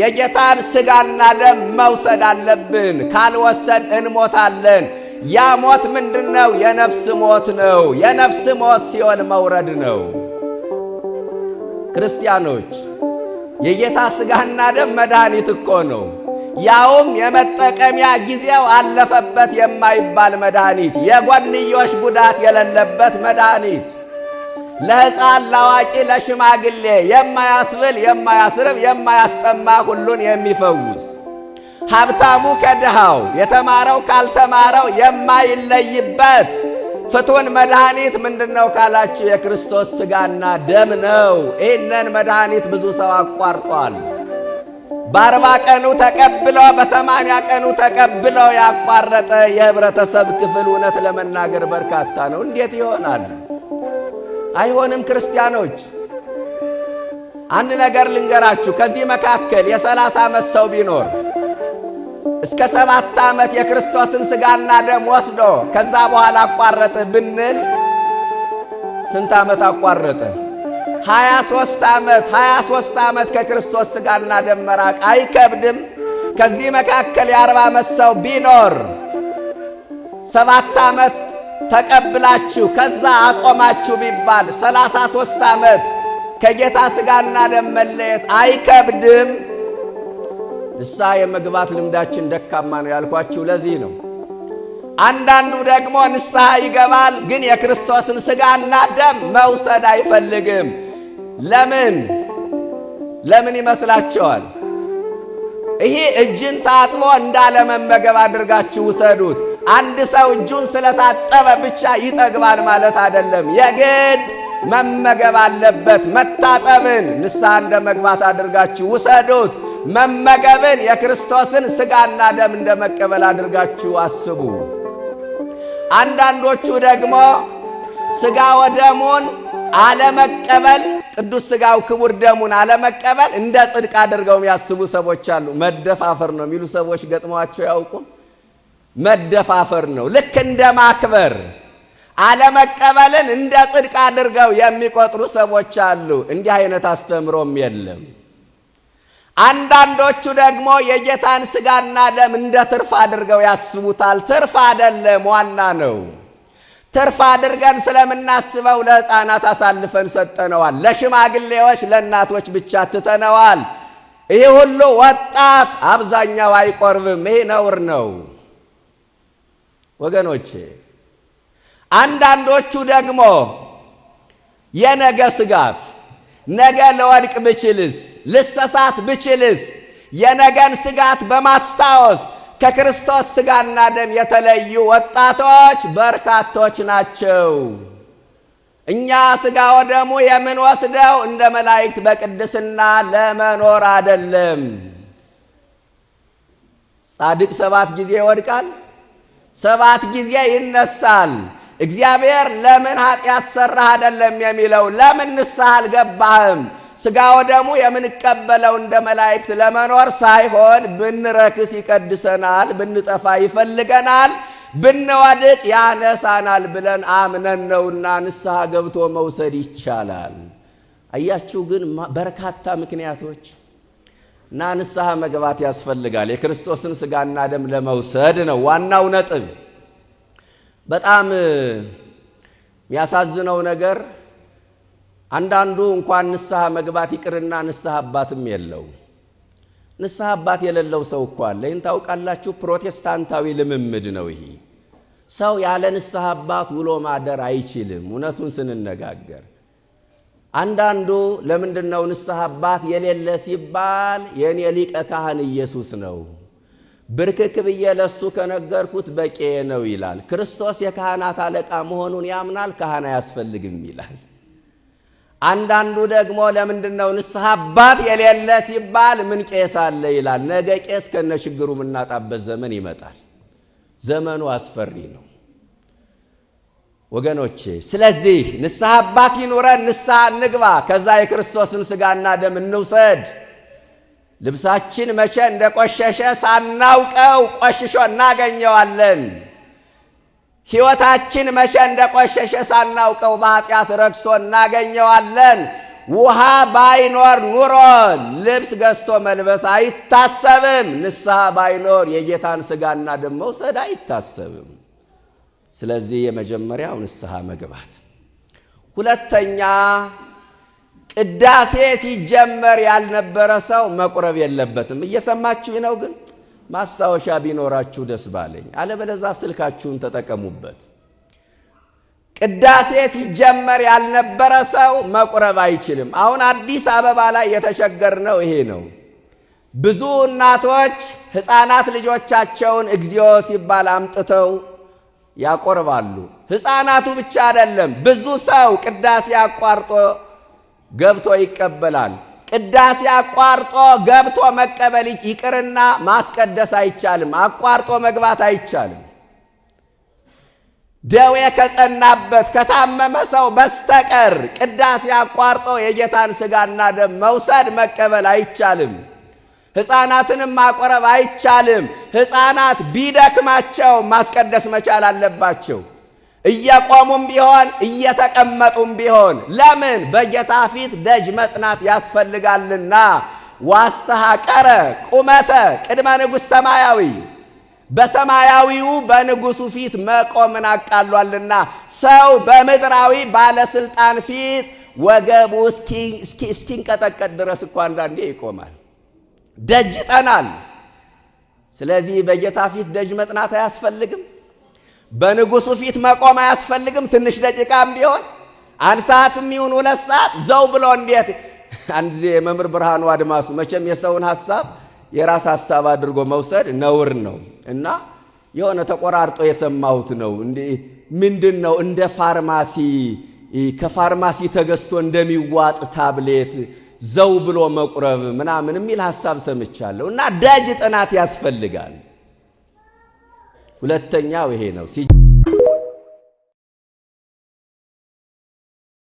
የጌታን ሥጋና ደም መውሰድ አለብን። ካልወሰድ እንሞታለን። ያ ሞት ምንድን ነው? የነፍስ ሞት ነው። የነፍስ ሞት ሲሆን መውረድ ነው። ክርስቲያኖች የጌታ ሥጋና ደም መድኃኒት እኮ ነው። ያውም የመጠቀሚያ ጊዜው አለፈበት የማይባል መድኃኒት፣ የጎንዮሽ ጉዳት የሌለበት መድኃኒት ለሕፃን ለአዋቂ ለሽማግሌ የማያስብል የማያስርብ የማያስጠማ ሁሉን የሚፈውስ ሀብታሙ ከድሃው የተማረው ካልተማረው የማይለይበት ፍቱን መድኃኒት ምንድን ነው ካላችሁ የክርስቶስ ሥጋና ደም ነው። ይህንን መድኃኒት ብዙ ሰው አቋርጧል። በአርባ ቀኑ ተቀብሎ በሰማንያ ቀኑ ተቀብለው ያቋረጠ የህብረተሰብ ክፍል እውነት ለመናገር በርካታ ነው። እንዴት ይሆናል? አይሆንም። ክርስቲያኖች አንድ ነገር ልንገራችሁ። ከዚህ መካከል የሰላሳ ዓመት ሰው ቢኖር እስከ ሰባት ዓመት የክርስቶስን ሥጋና ደም ወስዶ ከዛ በኋላ አቋረጠ ብንል ስንት ዓመት አቋረጠ? ሀያ ሦስት ዓመት ሀያ ሦስት ዓመት ከክርስቶስ ሥጋና ደም መራቅ አይከብድም? ከዚህ መካከል የአርባ ዓመት ሰው ቢኖር ሰባት ዓመት ተቀብላችሁ ከዛ አቆማችሁ ቢባል ሰላሳ ሦስት ዓመት ከጌታ ሥጋና ደም መለየት አይከብድም? ንስሐ የመግባት ልምዳችን ደካማ ነው ያልኳችሁ ለዚህ ነው። አንዳንዱ ደግሞ ንስሐ ይገባል፣ ግን የክርስቶስን ሥጋና ደም መውሰድ አይፈልግም። ለምን ለምን ይመስላቸዋል? ይሄ እጅን ታጥቦ እንዳለመመገብ አድርጋችሁ ውሰዱት። አንድ ሰው እጁን ስለታጠበ ብቻ ይጠግባል ማለት አይደለም። የግድ መመገብ አለበት። መታጠብን ንስሐ እንደ መግባት አድርጋችሁ ውሰዱት። መመገብን የክርስቶስን ሥጋና ደም እንደ መቀበል አድርጋችሁ አስቡ። አንዳንዶቹ ደግሞ ሥጋ ወደሙን አለመቀበል ቅዱስ ሥጋው ክቡር ደሙን አለመቀበል እንደ ጽድቅ አድርገው የሚያስቡ ሰዎች አሉ። መደፋፈር ነው የሚሉ ሰዎች ገጥመዋቸው ያውቁም። መደፋፈር ነው። ልክ እንደ ማክበር አለመቀበልን እንደ ጽድቅ አድርገው የሚቆጥሩ ሰዎች አሉ። እንዲህ አይነት አስተምሮም የለም። አንዳንዶቹ ደግሞ የጌታን ስጋና ደም እንደ ትርፍ አድርገው ያስቡታል። ትርፍ አይደለም፣ ዋና ነው። ትርፍ አድርገን ስለምናስበው ለሕፃናት አሳልፈን ሰጠነዋል። ለሽማግሌዎች፣ ለእናቶች ብቻ ትተነዋል። ይህ ሁሉ ወጣት አብዛኛው አይቆርብም። ይህ ነውር ነው። ወገኖቼ። አንዳንዶቹ ደግሞ የነገ ስጋት ነገ ለወድቅ ብችልስ፣ ልሰሳት ብችልስ፣ የነገን ስጋት በማስታወስ ከክርስቶስ ስጋና ደም የተለዩ ወጣቶች በርካቶች ናቸው። እኛ ስጋ ወደሙ የምንወስደው እንደ መላእክት በቅድስና ለመኖር አይደለም። ጻድቅ ሰባት ጊዜ ይወድቃል። ሰባት ጊዜ ይነሳል። እግዚአብሔር ለምን ኃጢአት ሠራህ አይደለም የሚለው ለምን ንስሐ አልገባህም? ሥጋ ወደሙ የምንቀበለው እንደ መላእክት ለመኖር ሳይሆን ብንረክስ ይቀድሰናል፣ ብንጠፋ ይፈልገናል፣ ብንወድቅ ያነሳናል ብለን አምነን ነውና ንስሐ ገብቶ መውሰድ ይቻላል። አያችሁ ግን በርካታ ምክንያቶች እና ንስሐ መግባት ያስፈልጋል። የክርስቶስን ስጋና ደም ለመውሰድ ነው ዋናው ነጥብ። በጣም የሚያሳዝነው ነገር አንዳንዱ እንኳን ንስሐ መግባት ይቅርና ንስሐ አባትም የለው። ንስሐ አባት የሌለው ሰው እኮ አለ። ይህን ታውቃላችሁ? ፕሮቴስታንታዊ ልምምድ ነው ይሄ። ሰው ያለ ንስሐ አባት ውሎ ማደር አይችልም፣ እውነቱን ስንነጋገር አንዳንዱ ለምንድን ነው ንስሐ አባት የሌለ ሲባል የእኔ ሊቀ ካህን ኢየሱስ ነው ብርክክ ብዬ ለሱ ከነገርኩት በቄ ነው ይላል። ክርስቶስ የካህናት አለቃ መሆኑን ያምናል። ካህን አያስፈልግም ይላል። አንዳንዱ ደግሞ ለምንድን ነው ንስሐ አባት የሌለ ሲባል ምን ቄስ አለ ይላል። ነገ ቄስ ከነ ችግሩ የምናጣበት ዘመን ይመጣል። ዘመኑ አስፈሪ ነው። ወገኖቼ ስለዚህ ንስሐ አባት ይኑረን፣ ንስሐ እንግባ፣ ከዛ የክርስቶስን ሥጋና ደም እንውሰድ። ልብሳችን መቼ እንደ ቆሸሸ ሳናውቀው ቆሽሾ እናገኘዋለን። ሕይወታችን መቼ እንደ ቆሸሸ ሳናውቀው በኃጢአት ረግሶ እናገኘዋለን። ውሃ ባይኖር ኑሮ ልብስ ገዝቶ መልበስ አይታሰብም። ንስሐ ባይኖር የጌታን ሥጋና ደም መውሰድ አይታሰብም። ስለዚህ የመጀመሪያው ንስሐ መግባት፣ ሁለተኛ ቅዳሴ ሲጀመር ያልነበረ ሰው መቁረብ የለበትም። እየሰማችሁ ነው። ግን ማስታወሻ ቢኖራችሁ ደስ ባለኝ፣ አለበለዛ ስልካችሁን ተጠቀሙበት። ቅዳሴ ሲጀመር ያልነበረ ሰው መቁረብ አይችልም። አሁን አዲስ አበባ ላይ የተቸገርነው ይሄ ነው። ብዙ እናቶች ሕፃናት ልጆቻቸውን እግዚኦ ሲባል አምጥተው ያቆርባሉ። ሕፃናቱ ብቻ አይደለም፣ ብዙ ሰው ቅዳሴ አቋርጦ ገብቶ ይቀበላል። ቅዳሴ አቋርጦ ገብቶ መቀበል ይቅርና ማስቀደስ አይቻልም። አቋርጦ መግባት አይቻልም። ደዌ ከጸናበት ከታመመ ሰው በስተቀር ቅዳሴ አቋርጦ የጌታን ሥጋና ደም መውሰድ መቀበል አይቻልም። ሕፃናትንም ማቆረብ አይቻልም። ሕፃናት ቢደክማቸው ማስቀደስ መቻል አለባቸው። እየቆሙም ቢሆን እየተቀመጡም ቢሆን ለምን በጌታ ፊት ደጅ መጥናት ያስፈልጋልና። ቀረ ቁመተ ቅድመ ንጉሥ ሰማያዊ በሰማያዊው በንጉሡ ፊት መቆምን አቃሏልና ሰው በምድራዊ ባለሥልጣን ፊት ወገቡ እስኪንቀጠቀጥ ድረስ እኮ አንዳንዴ ይቆማል። ደጅ ጠናል። ስለዚህ በጌታ ፊት ደጅ መጥናት አያስፈልግም። በንጉሱ ፊት መቆም አያስፈልግም። ትንሽ ደቂቃም ቢሆን አንድ ሰዓት ይሁን ሁለት ሰዓት ዘው ብሎ እንዴት አንድ ጊዜ መምህር ብርሃኑ አድማሱ መቼም የሰውን ሀሳብ የራስ ሀሳብ አድርጎ መውሰድ ነውር ነው እና የሆነ ተቆራርጦ የሰማሁት ነው። ምንድን ነው እንደ ፋርማሲ ከፋርማሲ ተገዝቶ እንደሚዋጥ ታብሌት ዘው ብሎ መቁረብ ምናምን የሚል ሀሳብ ሰምቻለሁ እና ዳጅ ጥናት ያስፈልጋል። ሁለተኛው ይሄ ነው።